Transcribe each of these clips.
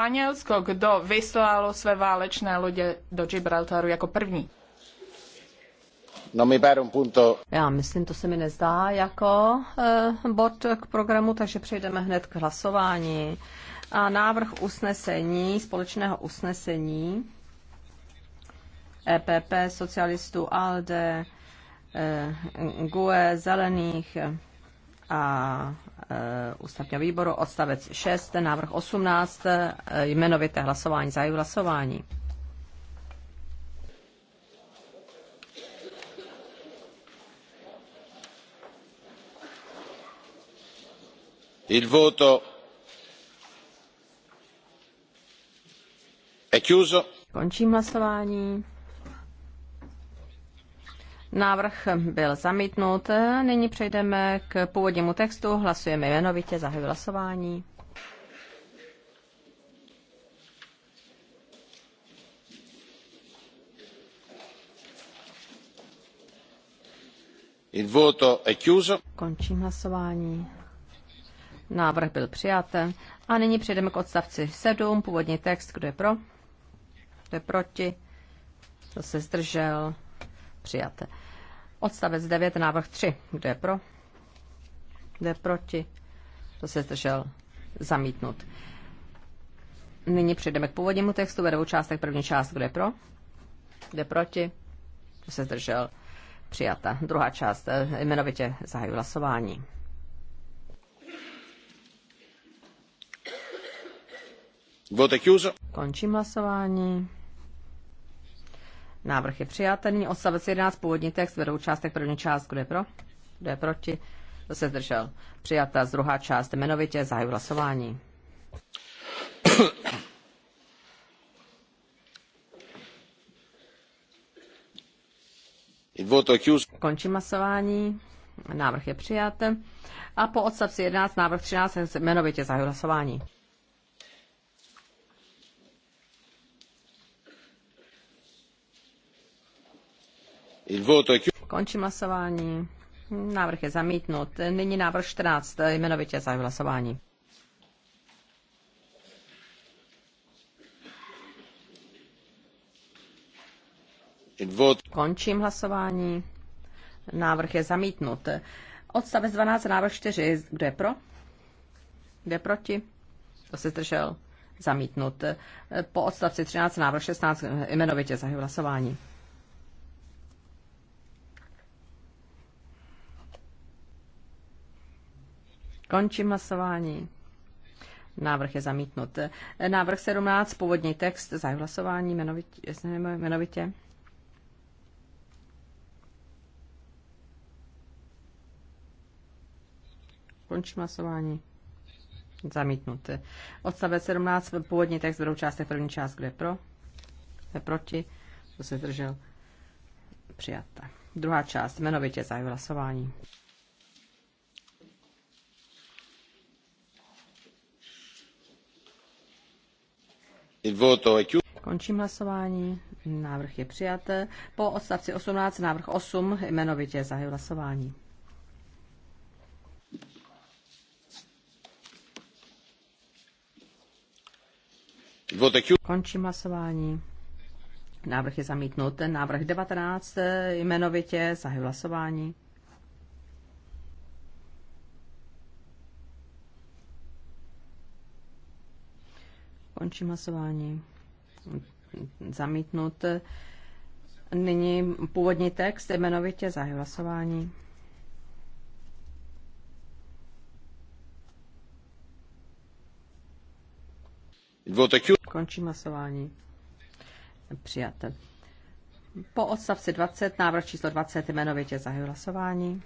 Španělsko, kdo vyslalo své válečné lodě do Gibraltaru jako první? No mi un punto. Já myslím, to se mi nezdá jako uh, bod k programu, takže přejdeme hned k hlasování. A návrh usnesení, společného usnesení EPP, socialistů, ALDE, uh, GUE, zelených, a e, ústavního výboru, odstavec 6, návrh 18, e, jmenovité hlasování, zájí hlasování. Il voto è chiuso. Končím hlasování. Návrh byl zamítnut. Nyní přejdeme k původnímu textu. Hlasujeme jmenovitě. Zahajuji hlasování. Il voto è chiuso. Končím hlasování. Návrh byl přijat. A nyní přejdeme k odstavci 7, původní text, kdo je pro, kdo je proti, kdo se zdržel, přijaté. Odstavec 9, návrh 3. Kdo je pro? Kdo je proti? To se zdržel zamítnut. Nyní přejdeme k původnímu textu ve dvou částech. První část, kdo je pro? Kdo je proti? To se zdržel přijata. Druhá část, eh, jmenovitě zahají hlasování. Voto chiuso. Končím hlasování. Návrh je přijat. Nyní odstavec 11, původní text, vedou částek první část. Kdo je pro? Kdo je proti? Kdo se zdržel? Přijata z druhá část jmenovitě. Zahajuji hlasování. Končím hlasování. Návrh je přijat. A po odstavci 11, návrh 13, jmenovitě zahajuji hlasování. Končím hlasování. Návrh je zamítnut. Nyní návrh 14, jmenovitě za hlasování. Končím hlasování. Návrh je zamítnut. Odstavec 12, návrh 4. Kdo je pro? Kdo je proti? To se zdržel. Zamítnut. Po odstavci 13, návrh 16, jmenovitě za hlasování. Končím hlasování. Návrh je zamítnut. Návrh 17, původní text, zahájí hlasování jmenovitě. jmenovitě. Končím hlasování. Zamítnut. Odstavec 17, původní text, budou část. první část, kde je pro, kde je proti, kdo se zdržel, přijata. Druhá část, jmenovitě zahájí hlasování. Končím hlasování. Návrh je přijat. Po odstavci 18 návrh 8 jmenovitě zahajuji hlasování. Končím hlasování. Návrh je zamítnut. Návrh 19 jmenovitě zahajuji hlasování. Končím hlasování. Zamítnut. Nyní původní text jmenovitě za hlasování. Končím hlasování. Přijat. Po odstavci 20, návrh číslo 20, jmenovitě zahajuji hlasování.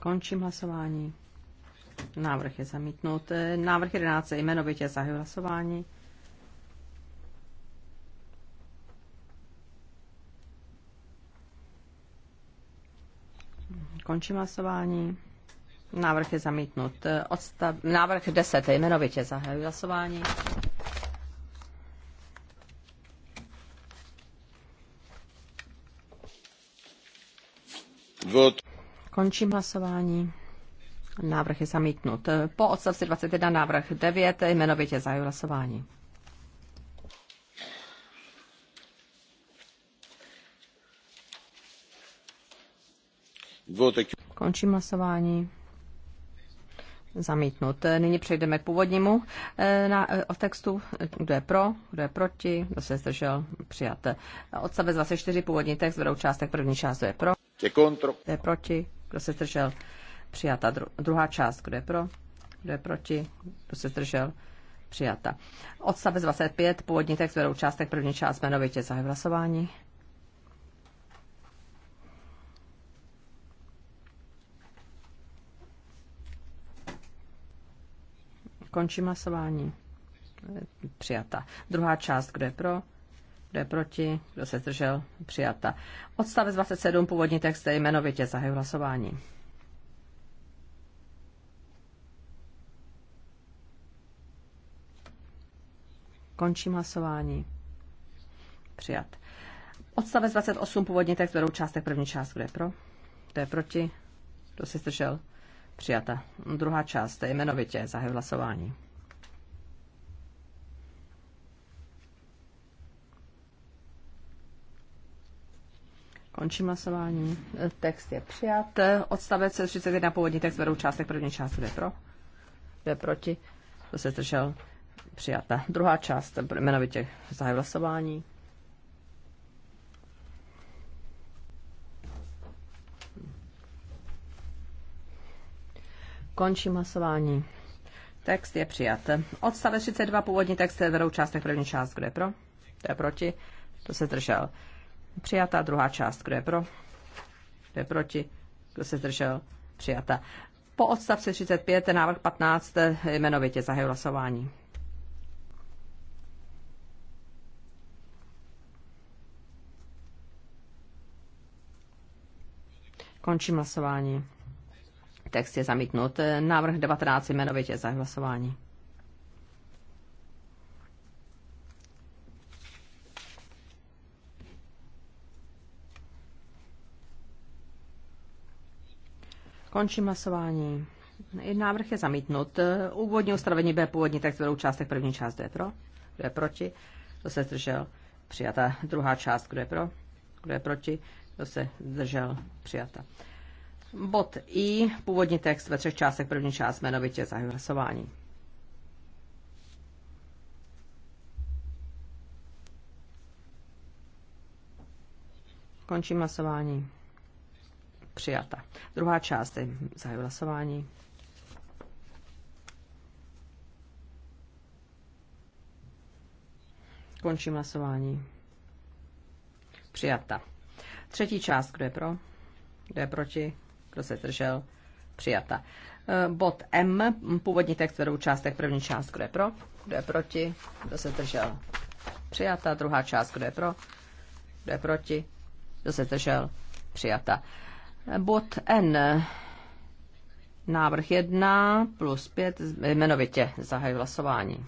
Končím hlasování. Návrh je zamítnut. Návrh 11 jmenovitě zahajuji hlasování. Končím hlasování. Návrh je zamítnut. Odstav... Návrh 10 jmenovitě zahajuji hlasování. Vot. Končím hlasování. Návrh je zamítnut. Po odstavci 21 návrh 9 jmenovitě zahajuji hlasování. Končím hlasování. Zamítnut. Nyní přejdeme k původnímu eh, na, o eh, textu. Kdo je pro, kdo je proti, kdo se zdržel, přijat. Odstavec 24, původní text, vedou částek, první část, kdo je pro, kdo je proti, kdo se zdržel? Přijata. Druhá část. Kdo je pro? Kdo je proti? Kdo se zdržel? Přijata. Odstavec 25. Původní text vedou částek. První část jmenovitě zahajuji hlasování. Končím hlasování. Přijata. Druhá část, kdo je pro, kdo je proti, kdo se zdržel, přijata. Odstavec 27, původní text je jmenovitě zahaju hlasování. Končím hlasování. Přijat. Odstavec 28, původní text vedou částek první část, kdo je pro, kdo je proti, kdo se zdržel, přijata. Druhá část je jmenovitě zahaju hlasování. Končím hlasování. E, text je přijat. E, odstavec 31 původní text vedou částek první část, je pro, Je proti. To se zdržel přijata. E, druhá část, jmenovitě zahájí hlasování. Končím hlasování. Text je přijat. Odstavec 32, původní text vedou částek první část, kde pro, Je proti. To se zdržel Přijata druhá část. Kdo je pro? Kdo je proti? Kdo se zdržel? Přijata. Po odstavci 35 návrh 15 jmenovitě zahajuje hlasování. Končím hlasování. Text je zamítnut. Návrh 19 jmenovitě za hlasování. Končím hlasování. Návrh je zamítnut. Úvodní ustanovení B, původní text, vedou částek, první část, kdo je pro, kdo je proti, kdo se zdržel, přijata. Druhá část, kdo je pro, kdo je proti, kdo se zdržel, přijata. Bod I, původní text ve třech částech, první část jmenovitě za hlasování. Končím hlasování přijata. Druhá část, zahajuji hlasování. Končím hlasování. Přijata. Třetí část, kdo je pro? Kdo je proti? Kdo se držel? Přijata. E, bod M, původní text kterou část, tak První část, kdo je pro? Kdo je proti? Kdo se držel? Přijata. Druhá část, kdo je pro? Kdo je proti? Kdo se držel? Přijata. Bod N. Návrh 1 plus 5 jmenovitě zahaj hlasování.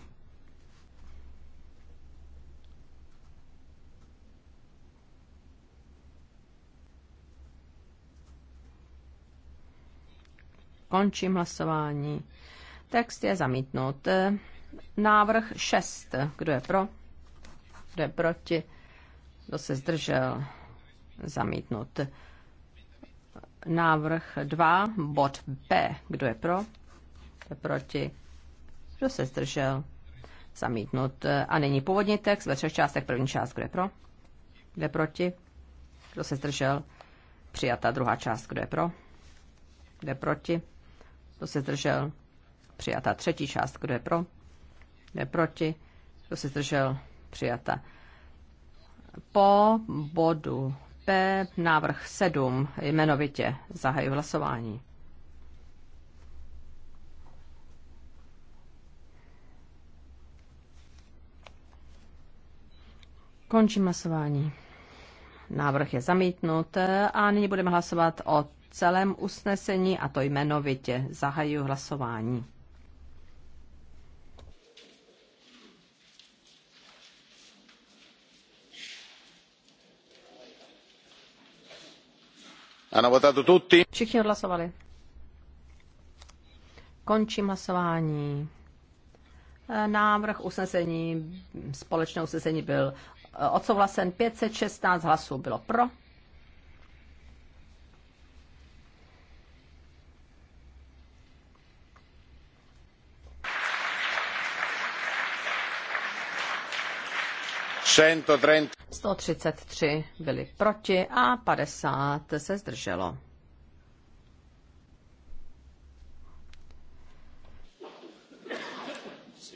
Končím hlasování. Text je zamítnut. Návrh 6. Kdo je pro? Kdo je proti? Kdo se zdržel? Zamítnut návrh 2, bod B. Kdo je pro? Kdo je proti? Kdo se zdržel? Zamítnut. A nyní původní text ve třech částech. První část, kdo je pro? Kdo je proti? Kdo se zdržel? Přijata druhá část, kdo je pro? Kdo je proti? Kdo se zdržel? Přijata třetí část, kdo je pro? Kdo je proti? Kdo se zdržel? Přijata. Po bodu P návrh 7 jmenovitě. Zahajuji hlasování. Končím hlasování. Návrh je zamítnut a nyní budeme hlasovat o celém usnesení a to jmenovitě. Zahajuji hlasování. Hanno votato tutti? Všichni odhlasovali. Končím hlasování. E, návrh usnesení, společné usnesení byl e, odsouhlasen 516 hlasů bylo pro, 133 byli proti a 50 se zdrželo.